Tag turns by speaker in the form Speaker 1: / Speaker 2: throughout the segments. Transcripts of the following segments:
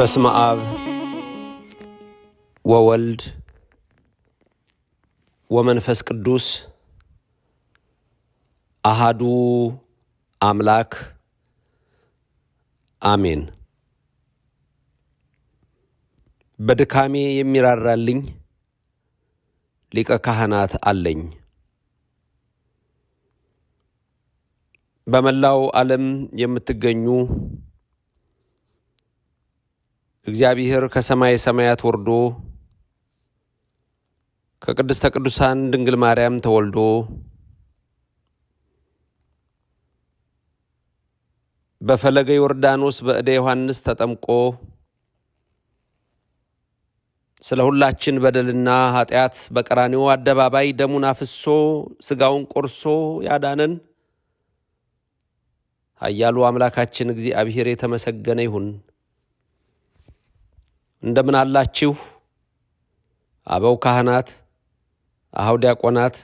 Speaker 1: በስመ አብ ወወልድ ወመንፈስ ቅዱስ አሃዱ አምላክ አሜን። በድካሜ የሚራራልኝ ሊቀ ካህናት አለኝ። በመላው ዓለም የምትገኙ እግዚአብሔር ከሰማይ ሰማያት ወርዶ ከቅድስተ ቅዱሳን ድንግል ማርያም ተወልዶ በፈለገ ዮርዳኖስ በእደ ዮሐንስ ተጠምቆ ስለ ሁላችን በደልና ኃጢአት በቀራኒው አደባባይ ደሙን አፍሶ ስጋውን ቆርሶ ያዳነን ኃያሉ አምላካችን እግዚአብሔር የተመሰገነ ይሁን። እንደምን አላችሁ? አበው ካህናት፣ አኀው ዲያቆናት፣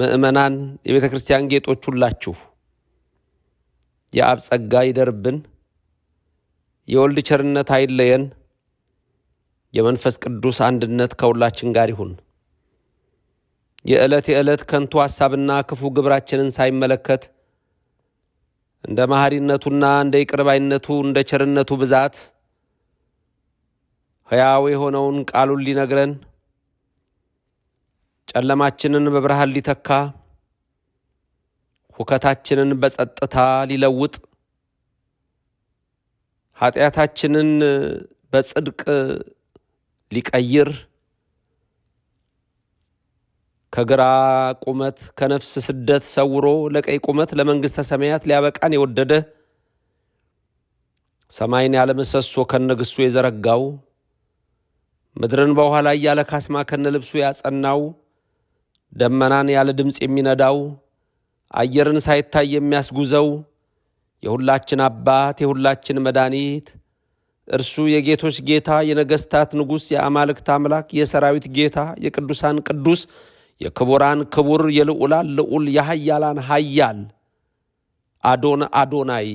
Speaker 1: ምእመናን፣ የቤተ ክርስቲያን ጌጦች ሁላችሁ የአብ ጸጋ ይደርብን፣ የወልድ ቸርነት አይለየን፣ የመንፈስ ቅዱስ አንድነት ከሁላችን ጋር ይሁን። የዕለት የዕለት ከንቱ ሐሳብና ክፉ ግብራችንን ሳይመለከት እንደ መሐሪነቱና እንደ ይቅርባይነቱ እንደ ቸርነቱ ብዛት ሕያው የሆነውን ቃሉን ሊነግረን ጨለማችንን በብርሃን ሊተካ ሁከታችንን በጸጥታ ሊለውጥ ኃጢአታችንን በጽድቅ ሊቀይር ከግራ ቁመት ከነፍስ ስደት ሰውሮ ለቀይ ቁመት ለመንግሥተ ሰማያት ሊያበቃን የወደደ ሰማይን ያለ ምሰሶ ከነግሱ የዘረጋው ምድርን በውኃ ላይ ያለ ካስማ ከነ ልብሱ ያጸናው፣ ደመናን ያለ ድምፅ የሚነዳው፣ አየርን ሳይታይ የሚያስጉዘው፣ የሁላችን አባት የሁላችን መድኃኒት እርሱ የጌቶች ጌታ የነገሥታት ንጉሥ የአማልክት አምላክ የሰራዊት ጌታ የቅዱሳን ቅዱስ የክቡራን ክቡር የልዑላን ልዑል የኃያላን ሀያል። አዶን አዶናይ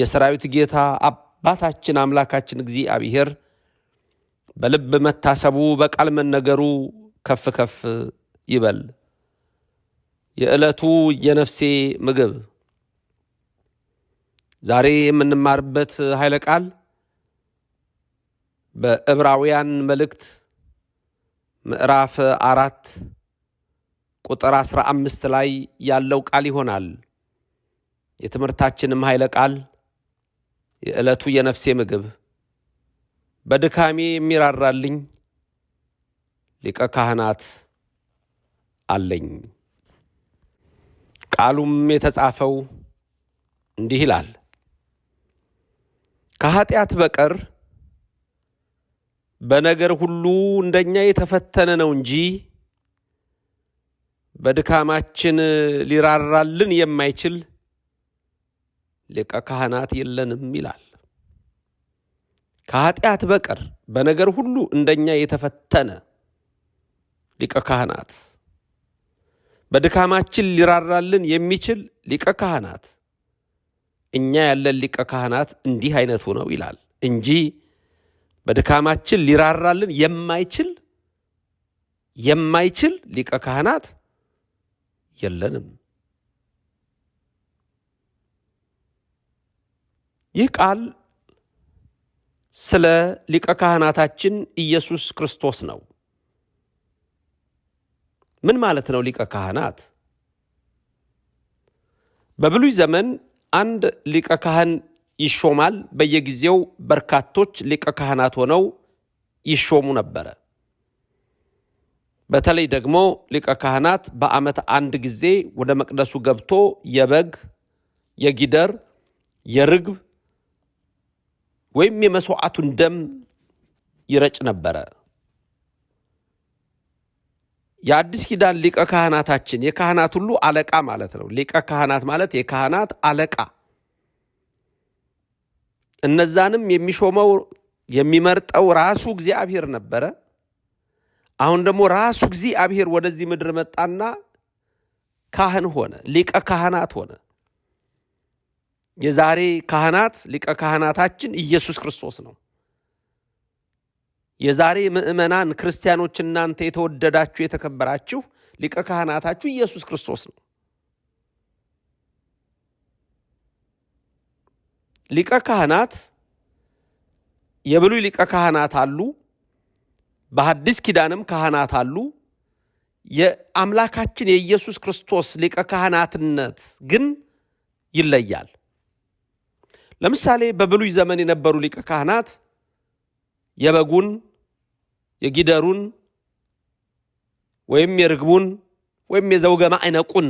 Speaker 1: የሰራዊት ጌታ አባታችን አምላካችን እግዚአብሔር በልብ መታሰቡ በቃል መነገሩ ከፍ ከፍ ይበል። የዕለቱ የነፍሴ ምግብ ዛሬ የምንማርበት ኃይለ ቃል በዕብራውያን መልእክት ምዕራፍ አራት ቁጥር አስራ አምስት ላይ ያለው ቃል ይሆናል። የትምህርታችንም ኃይለ ቃል የዕለቱ የነፍሴ ምግብ በድካሜ የሚራራልኝ ሊቀ ካህናት አለኝ። ቃሉም የተጻፈው እንዲህ ይላል፣ ከኃጢአት በቀር በነገር ሁሉ እንደኛ የተፈተነ ነው እንጂ በድካማችን ሊራራልን የማይችል ሊቀ ካህናት የለንም ይላል። ከኃጢአት በቀር በነገር ሁሉ እንደኛ የተፈተነ ሊቀ ካህናት በድካማችን ሊራራልን የሚችል ሊቀ ካህናት እኛ ያለን ሊቀ ካህናት እንዲህ አይነቱ ነው ይላል እንጂ በድካማችን ሊራራልን የማይችል የማይችል ሊቀ ካህናት የለንም። ይህ ቃል ስለ ሊቀ ካህናታችን ኢየሱስ ክርስቶስ ነው። ምን ማለት ነው ሊቀ ካህናት? በብሉይ ዘመን አንድ ሊቀ ካህን ይሾማል። በየጊዜው በርካቶች ሊቀ ካህናት ሆነው ይሾሙ ነበረ። በተለይ ደግሞ ሊቀ ካህናት በዓመት አንድ ጊዜ ወደ መቅደሱ ገብቶ የበግ፣ የጊደር፣ የርግብ ወይም የመስዋዕቱን ደም ይረጭ ነበረ። የአዲስ ኪዳን ሊቀ ካህናታችን የካህናት ሁሉ አለቃ ማለት ነው። ሊቀ ካህናት ማለት የካህናት አለቃ እነዛንም የሚሾመው የሚመርጠው ራሱ እግዚአብሔር ነበረ። አሁን ደግሞ ራሱ እግዚአብሔር ወደዚህ ምድር መጣና ካህን ሆነ፣ ሊቀ ካህናት ሆነ። የዛሬ ካህናት ሊቀ ካህናታችን ኢየሱስ ክርስቶስ ነው። የዛሬ ምእመናን ክርስቲያኖች እናንተ የተወደዳችሁ የተከበራችሁ ሊቀ ካህናታችሁ ኢየሱስ ክርስቶስ ነው። ሊቀ ካህናት የብሉይ ሊቀ ካህናት አሉ፣ በሐዲስ ኪዳንም ካህናት አሉ። የአምላካችን የኢየሱስ ክርስቶስ ሊቀ ካህናትነት ግን ይለያል። ለምሳሌ በብሉይ ዘመን የነበሩ ሊቀ ካህናት የበጉን የጊደሩን ወይም የርግቡን ወይም የዘውገ ማዕነቁን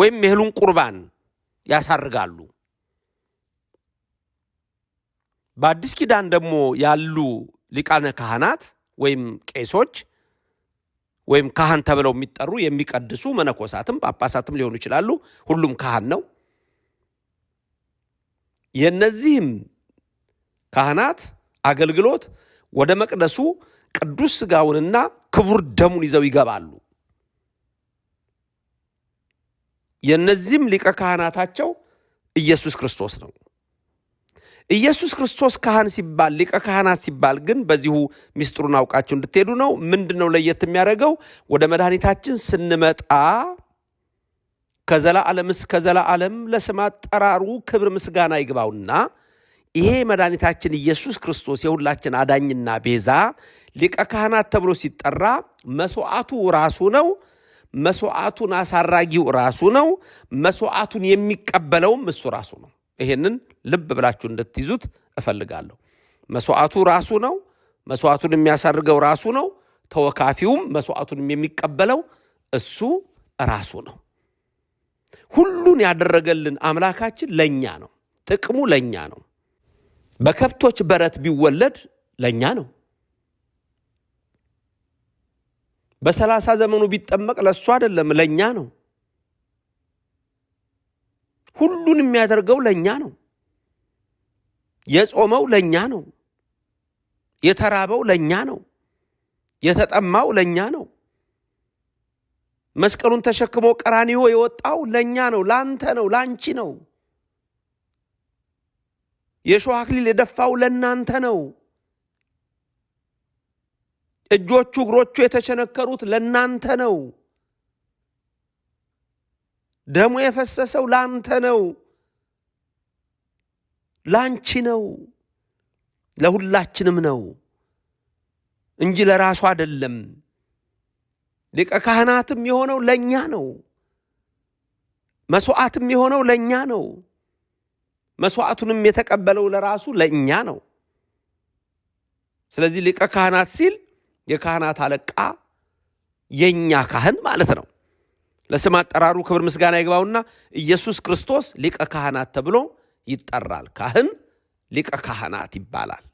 Speaker 1: ወይም የእህሉን ቁርባን ያሳርጋሉ። በአዲስ ኪዳን ደግሞ ያሉ ሊቃነ ካህናት ወይም ቄሶች ወይም ካህን ተብለው የሚጠሩ የሚቀድሱ መነኮሳትም ጳጳሳትም ሊሆኑ ይችላሉ። ሁሉም ካህን ነው። የእነዚህም ካህናት አገልግሎት ወደ መቅደሱ ቅዱስ ሥጋውንና ክቡር ደሙን ይዘው ይገባሉ። የእነዚህም ሊቀ ካህናታቸው ኢየሱስ ክርስቶስ ነው። ኢየሱስ ክርስቶስ ካህን ሲባል ሊቀ ካህናት ሲባል ግን በዚሁ ሚስጥሩን አውቃችሁ እንድትሄዱ ነው። ምንድን ነው ለየት የሚያደርገው? ወደ መድኃኒታችን ስንመጣ ከዘላለም እስከ ዘላለም ለስም አጠራሩ ክብር ምስጋና ይግባውና ይሄ መድኃኒታችን ኢየሱስ ክርስቶስ የሁላችን አዳኝና ቤዛ ሊቀ ካህናት ተብሎ ሲጠራ መስዋዕቱ ራሱ ነው። መስዋዕቱን አሳራጊው ራሱ ነው። መስዋዕቱን የሚቀበለውም እሱ ራሱ ነው። ይሄንን ልብ ብላችሁ እንድትይዙት እፈልጋለሁ። መስዋዕቱ ራሱ ነው። መስዋዕቱን የሚያሳርገው ራሱ ነው። ተወካፊውም መስዋዕቱን የሚቀበለው እሱ ራሱ ነው። ሁሉን ያደረገልን አምላካችን ለእኛ ነው። ጥቅሙ ለእኛ ነው። በከብቶች በረት ቢወለድ ለእኛ ነው። በሰላሳ ዘመኑ ቢጠመቅ ለእሱ አይደለም፣ ለእኛ ነው። ሁሉን የሚያደርገው ለእኛ ነው። የጾመው ለእኛ ነው። የተራበው ለእኛ ነው። የተጠማው ለእኛ ነው። መስቀሉን ተሸክሞ ቀራኒዮ የወጣው ለእኛ ነው፣ ለአንተ ነው፣ ለአንቺ ነው። የእሾህ አክሊል የደፋው ለእናንተ ነው። እጆቹ እግሮቹ የተቸነከሩት ለእናንተ ነው። ደሙ የፈሰሰው ለአንተ ነው፣ ለአንቺ ነው፣ ለሁላችንም ነው እንጂ ለራሱ አይደለም። ሊቀ ካህናትም የሆነው ለእኛ ነው። መስዋዕትም የሆነው ለእኛ ነው። መስዋዕቱንም የተቀበለው ለራሱ ለእኛ ነው። ስለዚህ ሊቀ ካህናት ሲል የካህናት አለቃ የእኛ ካህን ማለት ነው። ለስም አጠራሩ ክብር ምስጋና ይግባውና ኢየሱስ ክርስቶስ ሊቀ ካህናት ተብሎ ይጠራል። ካህን ሊቀ ካህናት ይባላል።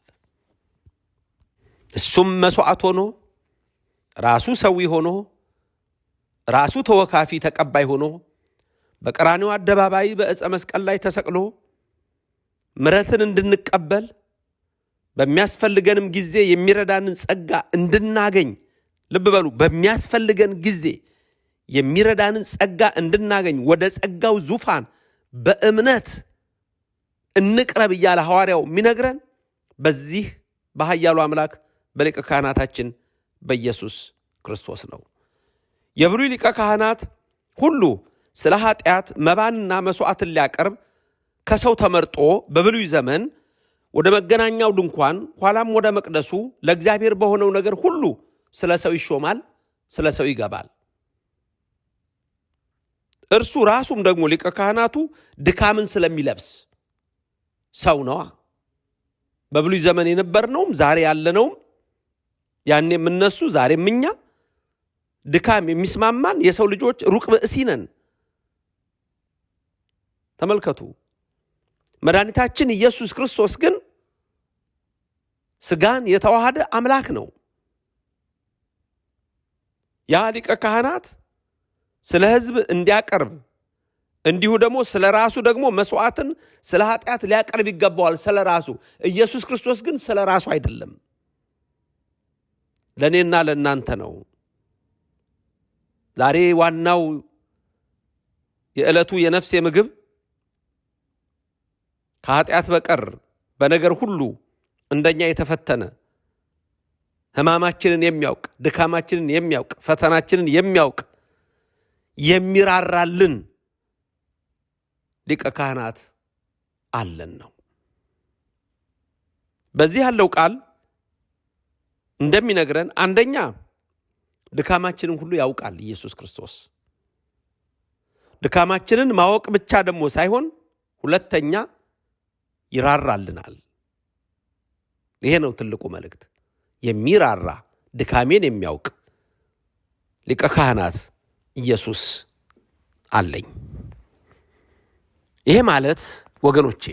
Speaker 1: እሱም መስዋዕት ሆኖ ራሱ ሰዊ ሆኖ ራሱ ተወካፊ ተቀባይ ሆኖ በቀራኒው አደባባይ በእፀ መስቀል ላይ ተሰቅሎ ምረትን እንድንቀበል በሚያስፈልገንም ጊዜ የሚረዳንን ጸጋ እንድናገኝ ልብ በሉ፣ በሚያስፈልገን ጊዜ የሚረዳንን ጸጋ እንድናገኝ ወደ ጸጋው ዙፋን በእምነት እንቅረብ እያለ ሐዋርያው የሚነግረን በዚህ በኃያሉ አምላክ በሊቀ ካህናታችን በኢየሱስ ክርስቶስ ነው። የብሉይ ሊቀ ካህናት ሁሉ ስለ ኃጢአት መባንና መሥዋዕትን ሊያቀርብ ከሰው ተመርጦ በብሉይ ዘመን ወደ መገናኛው ድንኳን ኋላም ወደ መቅደሱ ለእግዚአብሔር በሆነው ነገር ሁሉ ስለ ሰው ይሾማል፣ ስለ ሰው ይገባል። እርሱ ራሱም ደግሞ ሊቀ ካህናቱ ድካምን ስለሚለብስ ሰው ነዋ። በብሉይ ዘመን የነበርነውም ዛሬ ያለነውም ያኔም እነሱ ዛሬም እኛ ድካም የሚስማማን የሰው ልጆች ሩቅ ብእሲ ነን። ተመልከቱ። መድኃኒታችን ኢየሱስ ክርስቶስ ግን ስጋን የተዋሃደ አምላክ ነው። ያ ሊቀ ካህናት ስለ ሕዝብ እንዲያቀርብ እንዲሁ ደግሞ ስለ ራሱ ደግሞ መስዋዕትን ስለ ኃጢአት ሊያቀርብ ይገባዋል። ስለ ራሱ ኢየሱስ ክርስቶስ ግን ስለ ራሱ አይደለም። ለእኔና ለእናንተ ነው። ዛሬ ዋናው የዕለቱ የነፍሴ ምግብ ከኃጢአት በቀር በነገር ሁሉ እንደኛ የተፈተነ ሕማማችንን የሚያውቅ ድካማችንን የሚያውቅ ፈተናችንን የሚያውቅ የሚራራልን ሊቀ ካህናት አለን ነው። በዚህ ያለው ቃል እንደሚነግረን አንደኛ ድካማችንን ሁሉ ያውቃል ኢየሱስ ክርስቶስ። ድካማችንን ማወቅ ብቻ ደግሞ ሳይሆን ሁለተኛ ይራራልናል። ይሄ ነው ትልቁ መልእክት። የሚራራ ድካሜን የሚያውቅ ሊቀ ካህናት ኢየሱስ አለኝ። ይሄ ማለት ወገኖቼ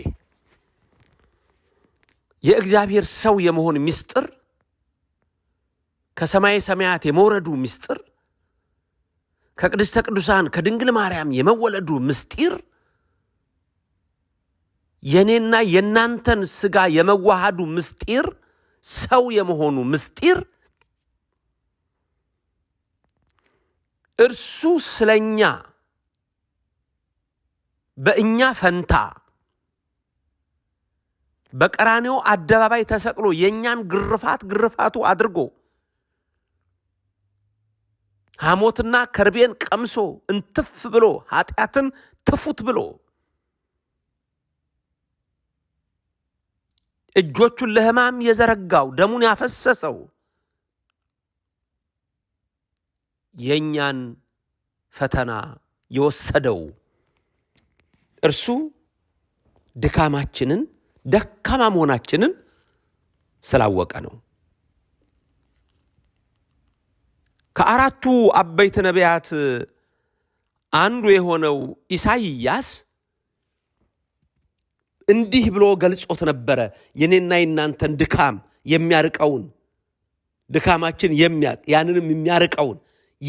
Speaker 1: የእግዚአብሔር ሰው የመሆን ምስጢር ከሰማይ ሰማያት የመውረዱ ምስጢር ከቅድስተ ቅዱሳን ከድንግል ማርያም የመወለዱ ምስጢር የእኔና የእናንተን ስጋ የመዋሃዱ ምስጢር ሰው የመሆኑ ምስጢር እርሱ ስለኛ በእኛ ፈንታ በቀራኔው አደባባይ ተሰቅሎ የእኛን ግርፋት ግርፋቱ አድርጎ ሐሞትና ከርቤን ቀምሶ እንትፍ ብሎ ኃጢአትን ትፉት ብሎ እጆቹን ለሕማም የዘረጋው ደሙን ያፈሰሰው የእኛን ፈተና የወሰደው እርሱ ድካማችንን ደካማ መሆናችንን ስላወቀ ነው። ከአራቱ አበይት ነቢያት አንዱ የሆነው ኢሳይያስ እንዲህ ብሎ ገልጾት ነበረ። የኔና የናንተን ድካም የሚያርቀውን ድካማችን የሚያቅ ያንንም የሚያርቀውን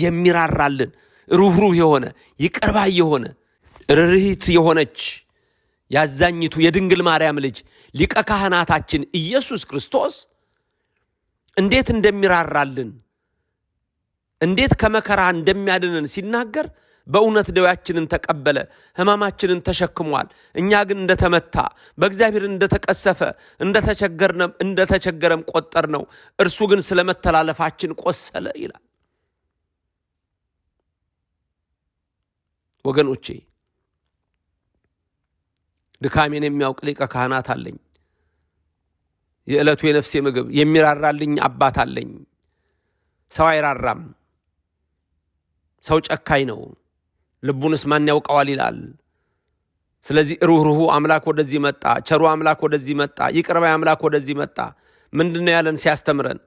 Speaker 1: የሚራራልን ሩህሩህ የሆነ ይቅርባይ የሆነ ርህሪት የሆነች ያዛኝቱ የድንግል ማርያም ልጅ ሊቀ ካህናታችን ኢየሱስ ክርስቶስ እንዴት እንደሚራራልን እንዴት ከመከራ እንደሚያድንን ሲናገር በእውነት ደዌያችንን ተቀበለ፣ ሕማማችንን ተሸክሟል። እኛ ግን እንደተመታ በእግዚአብሔር እንደተቀሰፈ እንደተቸገረም ቆጠር ነው። እርሱ ግን ስለ መተላለፋችን ቆሰለ ይላል። ወገኖቼ ድካሜን የሚያውቅ ሊቀ ካህናት አለኝ። የዕለቱ የነፍሴ ምግብ የሚራራልኝ አባት አለኝ። ሰው አይራራም ሰው ጨካኝ ነው፣ ልቡንስ ማን ያውቀዋል ይላል። ስለዚህ ሩህሩሁ አምላክ ወደዚህ መጣ፣ ቸሩ አምላክ ወደዚህ መጣ፣ ይቅርባይ አምላክ ወደዚህ መጣ። ምንድን ነው ያለን ሲያስተምረን?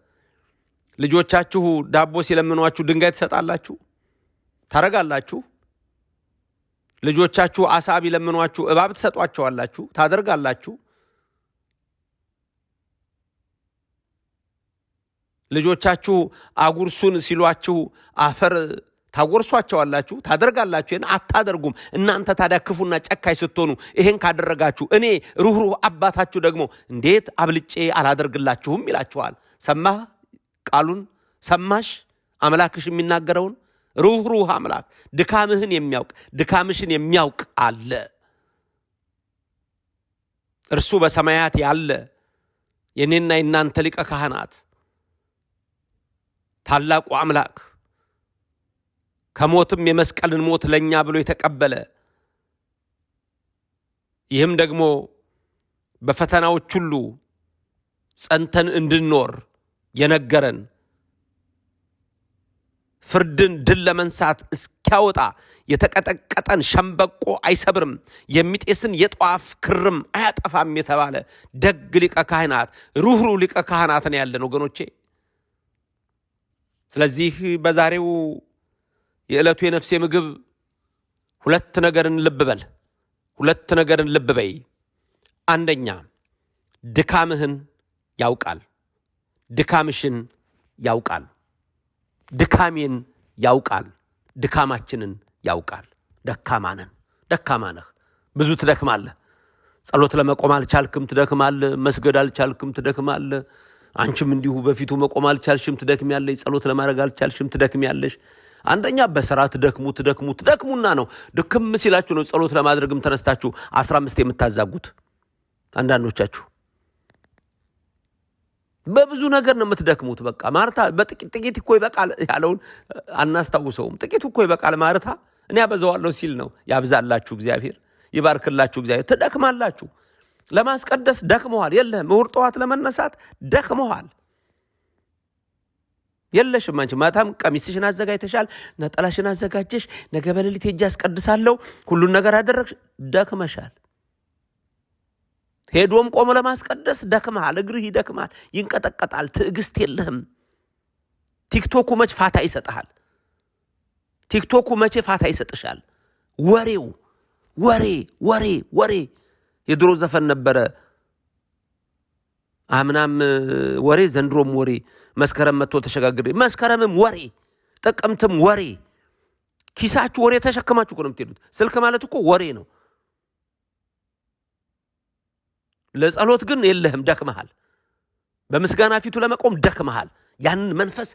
Speaker 1: ልጆቻችሁ ዳቦ ሲለምኗችሁ ድንጋይ ትሰጣላችሁ? ታደርጋላችሁ? ልጆቻችሁ አሳ ቢለምኗችሁ እባብ ትሰጧቸዋላችሁ? ታደርጋላችሁ? ልጆቻችሁ አጉርሱን ሲሏችሁ አፈር ታጎርሷቸዋላችሁ፣ ታደርጋላችሁ፣ ይህን አታደርጉም። እናንተ ታዲያ ክፉና ጨካኝ ስትሆኑ ይሄን ካደረጋችሁ እኔ ሩህሩህ አባታችሁ ደግሞ እንዴት አብልጬ አላደርግላችሁም ይላችኋል። ሰማህ ቃሉን? ሰማሽ አምላክሽ የሚናገረውን? ሩህሩህ አምላክ ድካምህን የሚያውቅ ድካምሽን የሚያውቅ አለ። እርሱ በሰማያት ያለ የእኔና የእናንተ ሊቀ ካህናት ታላቁ አምላክ ከሞትም የመስቀልን ሞት ለእኛ ብሎ የተቀበለ ይህም ደግሞ በፈተናዎች ሁሉ ጸንተን እንድንኖር የነገረን ፍርድን ድል ለመንሳት እስኪያወጣ የተቀጠቀጠን ሸምበቆ አይሰብርም፣ የሚጤስን የጧፍ ክርም አያጠፋም የተባለ ደግ ሊቀ ካህናት ሩኅሩ ሊቀ ካህናትን ያለን ወገኖቼ። ስለዚህ በዛሬው የዕለቱ የነፍሴ ምግብ ሁለት ነገርን ልብ በል፣ ሁለት ነገርን ልብ በይ። አንደኛ ድካምህን ያውቃል፣ ድካምሽን ያውቃል፣ ድካሜን ያውቃል፣ ድካማችንን ያውቃል። ደካማነን ደካማነህ ብዙ ትደክማለህ። ጸሎት ለመቆም አልቻልክም፣ ትደክማለህ። መስገድ አልቻልክም፣ ትደክማለህ። አንቺም እንዲሁ በፊቱ መቆም አልቻልሽም፣ ትደክሚያለሽ። ጸሎት ለማድረግ አልቻልሽም፣ ትደክሚያለሽ። አንደኛ በስራ ትደክሙ ትደክሙ ትደክሙና ነው። ድክም ሲላችሁ ነው ጸሎት ለማድረግም ተነስታችሁ አስራ አምስት የምታዛጉት አንዳንዶቻችሁ። በብዙ ነገር ነው የምትደክሙት። በቃ ማርታ በጥቂት እኮ ይበቃል ያለውን አናስታውሰውም። ጥቂት እኮ ይበቃል ማርታ፣ እኔ አበዛዋለሁ ሲል ነው። ያብዛላችሁ እግዚአብሔር፣ ይባርክላችሁ እግዚአብሔር። ትደክማላችሁ። ለማስቀደስ ደክመዋል። የለህም እሑድ ጠዋት ለመነሳት ደክመዋል። የለሽም አንቺ። ማታም ቀሚስሽን አዘጋጅተሻል፣ ነጠላሽን አዘጋጀሽ፣ ነገ በሌሊት ሄጄ አስቀድሳለሁ፣ ሁሉን ነገር አደረግሽ። ደክመሻል። ሄዶም ቆሞ ለማስቀደስ ደክመሃል። እግርህ ይደክማል፣ ይንቀጠቀጣል። ትዕግስት የለህም። ቲክቶኩ መቼ ፋታ ይሰጥሃል? ቲክቶኩ መቼ ፋታ ይሰጥሻል? ወሬው ወሬ ወሬ ወሬ። የድሮ ዘፈን ነበረ አምናም ወሬ ዘንድሮም ወሬ መስከረም መጥቶ ተሸጋግሬ መስከረምም ወሬ ጥቅምትም ወሬ ኪሳችሁ ወሬ ተሸክማችሁ እኮ ነው የምትሄዱት። ስልክ ማለት እኮ ወሬ ነው። ለጸሎት ግን የለህም፣ ደክመሃል። በምስጋና ፊቱ ለመቆም ደክመሃል። ያንን መንፈስ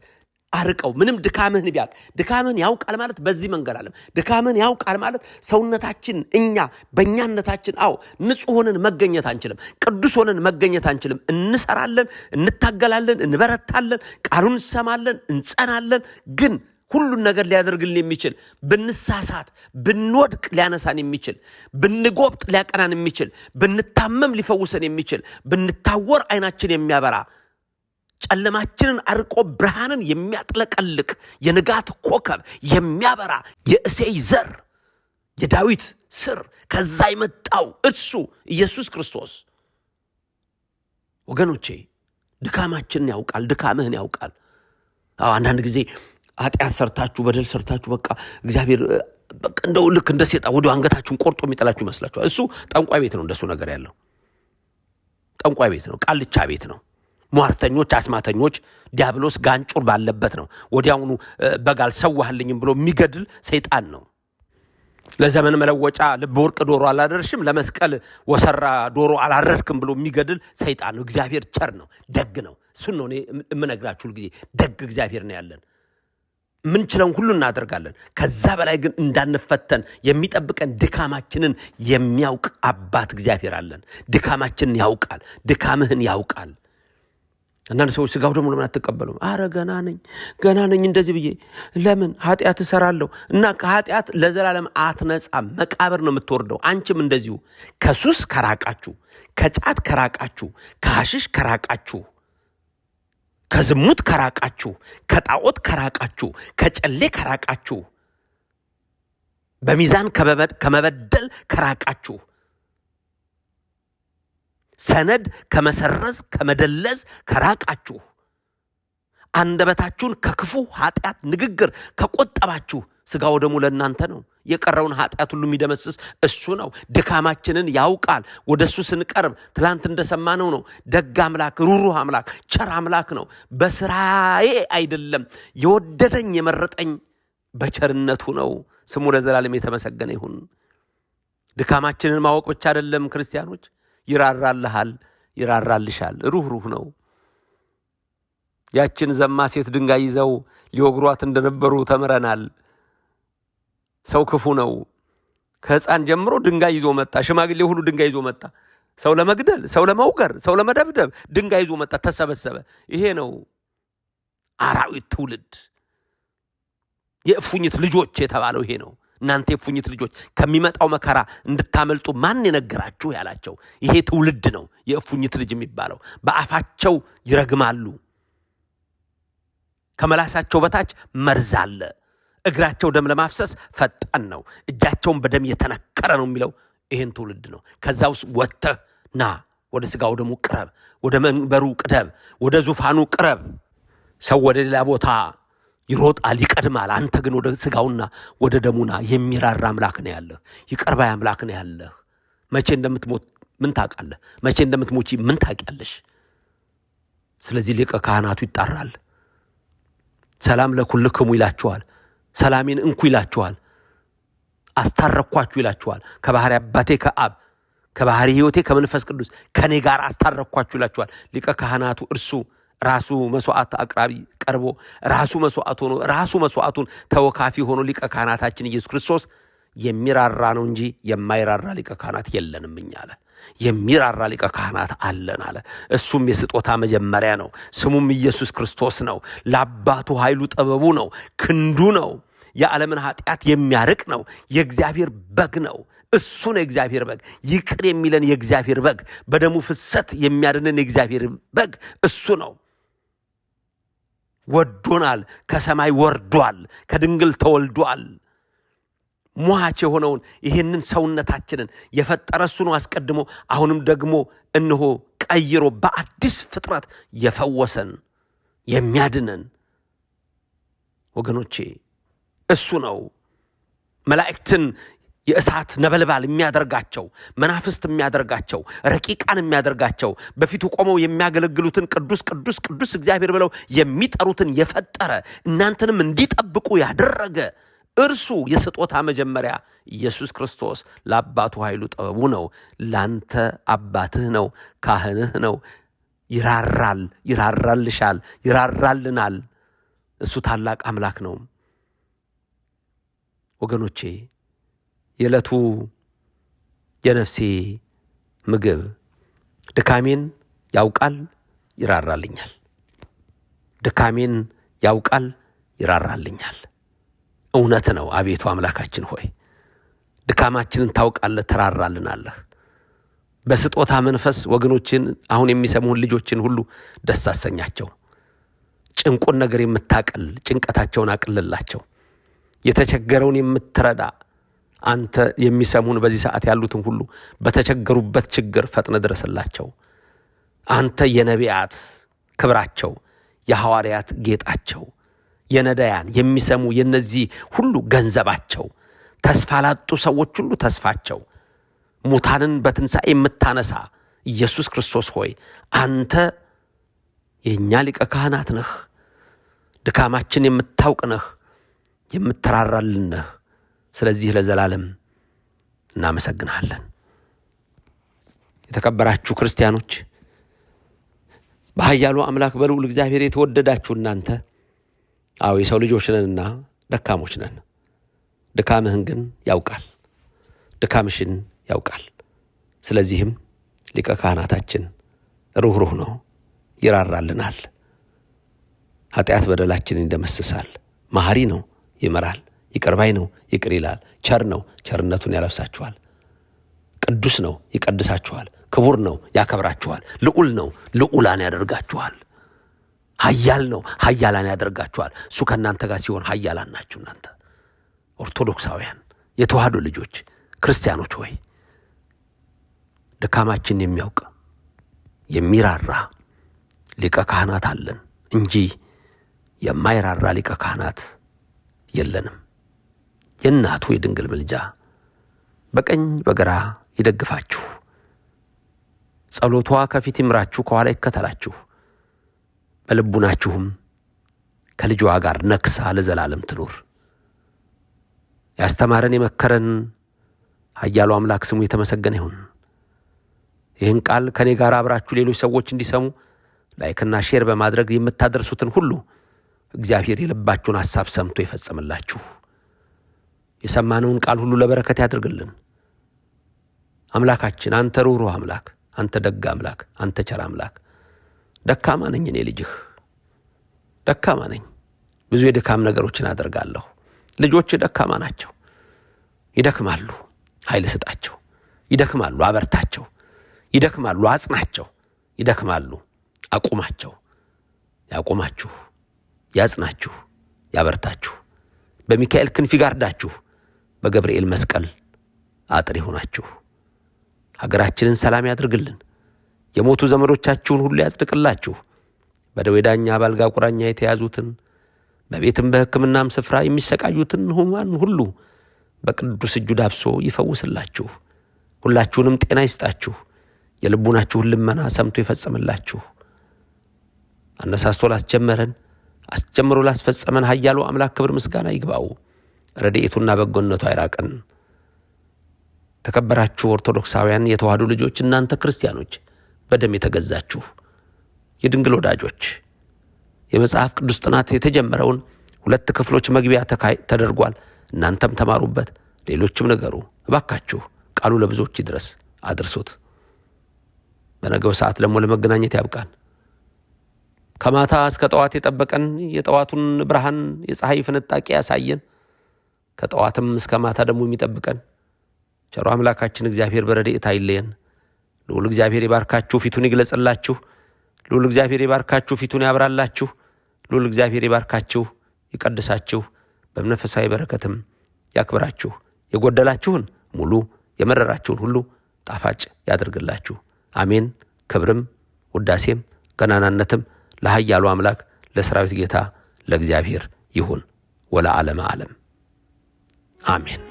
Speaker 1: አርቀው ምንም ድካምህን ቢያቅ ድካምህን ያውቃል ማለት በዚህ መንገድ አለም ድካምህን ያውቃል ማለት ሰውነታችን እኛ በእኛነታችን አዎ ንጹህ ሆነን መገኘት አንችልም፣ ቅዱስ ሆነን መገኘት አንችልም። እንሰራለን፣ እንታገላለን፣ እንበረታለን፣ ቃሉን እንሰማለን፣ እንጸናለን። ግን ሁሉን ነገር ሊያደርግልን የሚችል ብንሳሳት፣ ብንወድቅ ሊያነሳን የሚችል ብንጎብጥ ሊያቀናን የሚችል ብንታመም ሊፈውሰን የሚችል ብንታወር አይናችን የሚያበራ ጨለማችንን አርቆ ብርሃንን የሚያጥለቀልቅ የንጋት ኮከብ የሚያበራ የእሴይ ዘር የዳዊት ስር ከዛ የመጣው እሱ ኢየሱስ ክርስቶስ። ወገኖቼ ድካማችንን ያውቃል፣ ድካምህን ያውቃል። አንዳንድ ጊዜ ኃጢአት ሰርታችሁ በደል ሰርታችሁ በቃ እግዚአብሔር በቃ እንደው ልክ እንደ ሴጣን አንገታችሁን ቆርጦ የሚጠላችሁ ይመስላችኋል። እሱ ጠንቋይ ቤት ነው እንደሱ ነገር ያለው ጠንቋይ ቤት ነው፣ ቃልቻ ቤት ነው። ሟርተኞች፣ አስማተኞች፣ ዲያብሎስ ጋንጩር ባለበት ነው። ወዲያውኑ በጋል ሰዋህልኝም ብሎ የሚገድል ሰይጣን ነው። ለዘመን መለወጫ ልብ ወርቅ ዶሮ አላደርሽም፣ ለመስቀል ወሰራ ዶሮ አላረድክም ብሎ የሚገድል ሰይጣን ነው። እግዚአብሔር ቸር ነው፣ ደግ ነው። እሱን ነው እኔ የምነግራችሁ ሁልጊዜ። ደግ እግዚአብሔር ነው ያለን። ምንችለውን ሁሉ እናደርጋለን። ከዛ በላይ ግን እንዳንፈተን የሚጠብቀን ድካማችንን የሚያውቅ አባት እግዚአብሔር አለን። ድካማችንን ያውቃል። ድካምህን ያውቃል። አንዳንድ ሰዎች ስጋው ደግሞ ለምን አትቀበሉም? አረ ገና ነኝ ገና ነኝ እንደዚህ ብዬ ለምን ኃጢአት እሰራለሁ? እና ከኃጢአት ለዘላለም አትነጻ መቃብር ነው የምትወርደው። አንቺም እንደዚሁ ከሱስ ከራቃችሁ፣ ከጫት ከራቃችሁ፣ ከሐሽሽ ከራቃችሁ፣ ከዝሙት ከራቃችሁ፣ ከጣዖት ከራቃችሁ፣ ከጨሌ ከራቃችሁ፣ በሚዛን ከመበደል ከራቃችሁ ሰነድ ከመሰረዝ ከመደለዝ ከራቃችሁ አንደበታችሁን ከክፉ ኃጢአት ንግግር ከቆጠባችሁ ስጋው ደሙ ለእናንተ ነው። የቀረውን ኃጢአት ሁሉ የሚደመስስ እሱ ነው። ድካማችንን ያውቃል። ወደ እሱ ስንቀርብ ትላንት እንደሰማነው ነው። ደግ አምላክ፣ ሩሩህ አምላክ፣ ቸር አምላክ ነው። በስራዬ አይደለም የወደደኝ የመረጠኝ በቸርነቱ ነው። ስሙ ለዘላለም የተመሰገነ ይሁን። ድካማችንን ማወቅ ብቻ አይደለም ክርስቲያኖች ይራራልሃል፣ ይራራልሻል። ሩህ ነው። ያችን ዘማ ሴት ድንጋይ ይዘው ሊወግሯት እንደነበሩ ተምረናል። ሰው ክፉ ነው። ከሕፃን ጀምሮ ድንጋይ ይዞ መጣ። ሽማግሌ ሁሉ ድንጋይ ይዞ መጣ። ሰው ለመግደል፣ ሰው ለመውገር፣ ሰው ለመደብደብ ድንጋይ ይዞ መጣ። ተሰበሰበ። ይሄ ነው አራዊት ትውልድ፣ የእፉኝት ልጆች የተባለው ይሄ ነው። እናንተ የፉኝት ልጆች ከሚመጣው መከራ እንድታመልጡ ማን የነገራችሁ ያላቸው ይሄ ትውልድ ነው። የእፉኝት ልጅ የሚባለው በአፋቸው ይረግማሉ፣ ከመላሳቸው በታች መርዝ አለ፣ እግራቸው ደም ለማፍሰስ ፈጣን ነው፣ እጃቸውን በደም የተነከረ ነው የሚለው ይህን ትውልድ ነው። ከዛ ውስጥ ወጥተህ ና፣ ወደ ሥጋው ደሙ ቅረብ፣ ወደ መንበሩ ቅደብ፣ ወደ ዙፋኑ ቅረብ። ሰው ወደ ሌላ ቦታ ይሮጣል፣ ይቀድማል። አንተ ግን ወደ ስጋውና ወደ ደሙና የሚራራ አምላክ ነው ያለህ። ይቅር አምላክ ነው ያለህ። መቼ እንደምትሞት ምን ታውቃለህ? መቼ እንደምትሞቺ ምን ታውቂያለሽ? ስለዚህ ሊቀ ካህናቱ ይጣራል። ሰላም ለኩልክሙ ይላችኋል። ሰላሜን እንኩ ይላችኋል። አስታረኳችሁ ይላችኋል። ከባህሪ አባቴ ከአብ ከባህሪ ሕይወቴ ከመንፈስ ቅዱስ ከኔ ጋር አስታረኳችሁ ይላችኋል። ሊቀ ካህናቱ እርሱ ራሱ መስዋዕት አቅራቢ ቀርቦ ራሱ መስዋዕት ሆኖ ራሱ መስዋዕቱን ተወካፊ ሆኖ ሊቀ ካህናታችን ኢየሱስ ክርስቶስ የሚራራ ነው እንጂ የማይራራ ሊቀ ካህናት የለንም እኛ አለ። የሚራራ ሊቀ ካህናት አለን አለ። እሱም የስጦታ መጀመሪያ ነው። ስሙም ኢየሱስ ክርስቶስ ነው። ለአባቱ ኃይሉ ጥበቡ ነው፣ ክንዱ ነው። የዓለምን ኃጢአት የሚያርቅ ነው። የእግዚአብሔር በግ ነው። እሱ ነው የእግዚአብሔር በግ፣ ይቅር የሚለን የእግዚአብሔር በግ፣ በደሙ ፍሰት የሚያድንን የእግዚአብሔር በግ እሱ ነው። ወዶናል፣ ከሰማይ ወርዷል፣ ከድንግል ተወልዷል። ሟች የሆነውን ይህንን ሰውነታችንን የፈጠረ እሱ ነው አስቀድሞ። አሁንም ደግሞ እነሆ ቀይሮ በአዲስ ፍጥረት የፈወሰን የሚያድነን ወገኖቼ እሱ ነው። መላእክትን የእሳት ነበልባል የሚያደርጋቸው መናፍስት የሚያደርጋቸው ረቂቃን የሚያደርጋቸው በፊቱ ቆመው የሚያገለግሉትን ቅዱስ ቅዱስ ቅዱስ እግዚአብሔር ብለው የሚጠሩትን የፈጠረ እናንተንም እንዲጠብቁ ያደረገ እርሱ የስጦታ መጀመሪያ ኢየሱስ ክርስቶስ ለአባቱ ኃይሉ ጥበቡ ነው። ላንተ አባትህ ነው፣ ካህንህ ነው። ይራራል፣ ይራራልሻል፣ ይራራልናል። እሱ ታላቅ አምላክ ነው ወገኖቼ። የዕለቱ የነፍሴ ምግብ ድካሜን ያውቃል፣ ይራራልኛል። ድካሜን ያውቃል፣ ይራራልኛል። እውነት ነው። አቤቱ አምላካችን ሆይ ድካማችንን ታውቃለህ፣ ትራራልናለህ። በስጦታ መንፈስ ወገኖችን አሁን የሚሰሙን ልጆችን ሁሉ ደስ አሰኛቸው። ጭንቁን ነገር የምታቀል ጭንቀታቸውን አቅልላቸው። የተቸገረውን የምትረዳ አንተ የሚሰሙን በዚህ ሰዓት ያሉትን ሁሉ በተቸገሩበት ችግር ፈጥነ ድረስላቸው። አንተ የነቢያት ክብራቸው፣ የሐዋርያት ጌጣቸው፣ የነዳያን የሚሰሙ የነዚህ ሁሉ ገንዘባቸው፣ ተስፋ ላጡ ሰዎች ሁሉ ተስፋቸው፣ ሙታንን በትንሣኤ የምታነሳ ኢየሱስ ክርስቶስ ሆይ አንተ የእኛ ሊቀ ካህናት ነህ። ድካማችን የምታውቅ ነህ፣ የምትራራልን ነህ። ስለዚህ ለዘላለም እናመሰግናለን። የተከበራችሁ ክርስቲያኖች በኃያሉ አምላክ በልዑል እግዚአብሔር የተወደዳችሁ እናንተ፣ አዎ የሰው ልጆች ነንና ደካሞች ነን። ድካምህን ግን ያውቃል፣ ድካምሽን ያውቃል። ስለዚህም ሊቀ ካህናታችን ሩኅሩህ ነው፣ ይራራልናል። ኃጢአት በደላችንን ይደመስሳል። መሐሪ ነው፣ ይመራል። ይቅርባይ ነው፣ ይቅር ይላል። ቸር ነው፣ ቸርነቱን ያለብሳችኋል። ቅዱስ ነው፣ ይቀድሳችኋል። ክቡር ነው፣ ያከብራችኋል። ልዑል ነው፣ ልዑላን ያደርጋችኋል። ኃያል ነው፣ ኃያላን ያደርጋችኋል። እሱ ከእናንተ ጋር ሲሆን ኃያላን ናችሁ። እናንተ ኦርቶዶክሳውያን የተዋህዶ ልጆች ክርስቲያኖች ወይ ድካማችን የሚያውቅ የሚራራ ሊቀ ካህናት አለን እንጂ የማይራራ ሊቀ ካህናት የለንም። የእናቱ የድንግል ምልጃ በቀኝ በግራ ይደግፋችሁ፣ ጸሎቷ ከፊት ይምራችሁ፣ ከኋላ ይከተላችሁ፣ በልቡናችሁም ከልጇ ጋር ነግሳ ለዘላለም ትኑር። ያስተማረን የመከረን ኃያሉ አምላክ ስሙ የተመሰገነ ይሁን። ይህን ቃል ከእኔ ጋር አብራችሁ ሌሎች ሰዎች እንዲሰሙ ላይክና ሼር በማድረግ የምታደርሱትን ሁሉ እግዚአብሔር የልባችሁን ሐሳብ ሰምቶ ይፈጽምላችሁ። የሰማነውን ቃል ሁሉ ለበረከት ያድርግልን። አምላካችን አንተ ሩህሩህ አምላክ፣ አንተ ደግ አምላክ፣ አንተ ቸር አምላክ። ደካማ ነኝ እኔ ልጅህ ደካማ ነኝ። ብዙ የድካም ነገሮችን አደርጋለሁ። ልጆች ደካማ ናቸው፣ ይደክማሉ። ኃይል ስጣቸው። ይደክማሉ፣ አበርታቸው። ይደክማሉ፣ አጽናቸው። ይደክማሉ፣ አቁማቸው። ያቁማችሁ፣ ያጽናችሁ፣ ያበርታችሁ። በሚካኤል ክንፍ ይጋርዳችሁ። በገብርኤል መስቀል አጥር ይሆናችሁ። ሀገራችንን ሰላም ያድርግልን። የሞቱ ዘመዶቻችሁን ሁሉ ያጽድቅላችሁ። በደዌ ዳኛ በአልጋ ቁራኛ የተያዙትን በቤትም በሕክምናም ስፍራ የሚሰቃዩትን ሕሙማን ሁሉ በቅዱስ እጁ ዳብሶ ይፈውስላችሁ። ሁላችሁንም ጤና ይስጣችሁ። የልቡናችሁን ልመና ሰምቶ ይፈጽምላችሁ። አነሳስቶ ላስጀመረን አስጀምሮ ላስፈጸመን ኃያሉ አምላክ ክብር ምስጋና ይግባው። ረድኤቱና በጎነቱ አይራቀን። ተከበራችሁ ኦርቶዶክሳውያን፣ የተዋህዶ ልጆች፣ እናንተ ክርስቲያኖች፣ በደም የተገዛችሁ የድንግል ወዳጆች፣ የመጽሐፍ ቅዱስ ጥናት የተጀመረውን ሁለት ክፍሎች መግቢያ ተደርጓል። እናንተም ተማሩበት፣ ሌሎችም ንገሩ። እባካችሁ ቃሉ ለብዙዎች ይድረስ፣ አድርሱት። በነገው ሰዓት ደግሞ ለመገናኘት ያብቃን። ከማታ እስከ ጠዋት የጠበቀን የጠዋቱን ብርሃን የፀሐይ ፍንጣቂ ያሳየን። ከጠዋትም እስከ ማታ ደግሞ የሚጠብቀን ቸሮ አምላካችን እግዚአብሔር በረድኤት አይለየን። ልዑል እግዚአብሔር ይባርካችሁ፣ ፊቱን ይግለጽላችሁ። ልዑል እግዚአብሔር ይባርካችሁ፣ ፊቱን ያብራላችሁ። ልዑል እግዚአብሔር ይባርካችሁ፣ ይቀድሳችሁ፣ በመንፈሳዊ በረከትም ያክብራችሁ። የጎደላችሁን ሙሉ፣ የመረራችሁን ሁሉ ጣፋጭ ያድርግላችሁ። አሜን። ክብርም ውዳሴም ገናናነትም ለኃያሉ አምላክ ለሰራዊት ጌታ ለእግዚአብሔር ይሁን ወለዓለመ ዓለም Amén.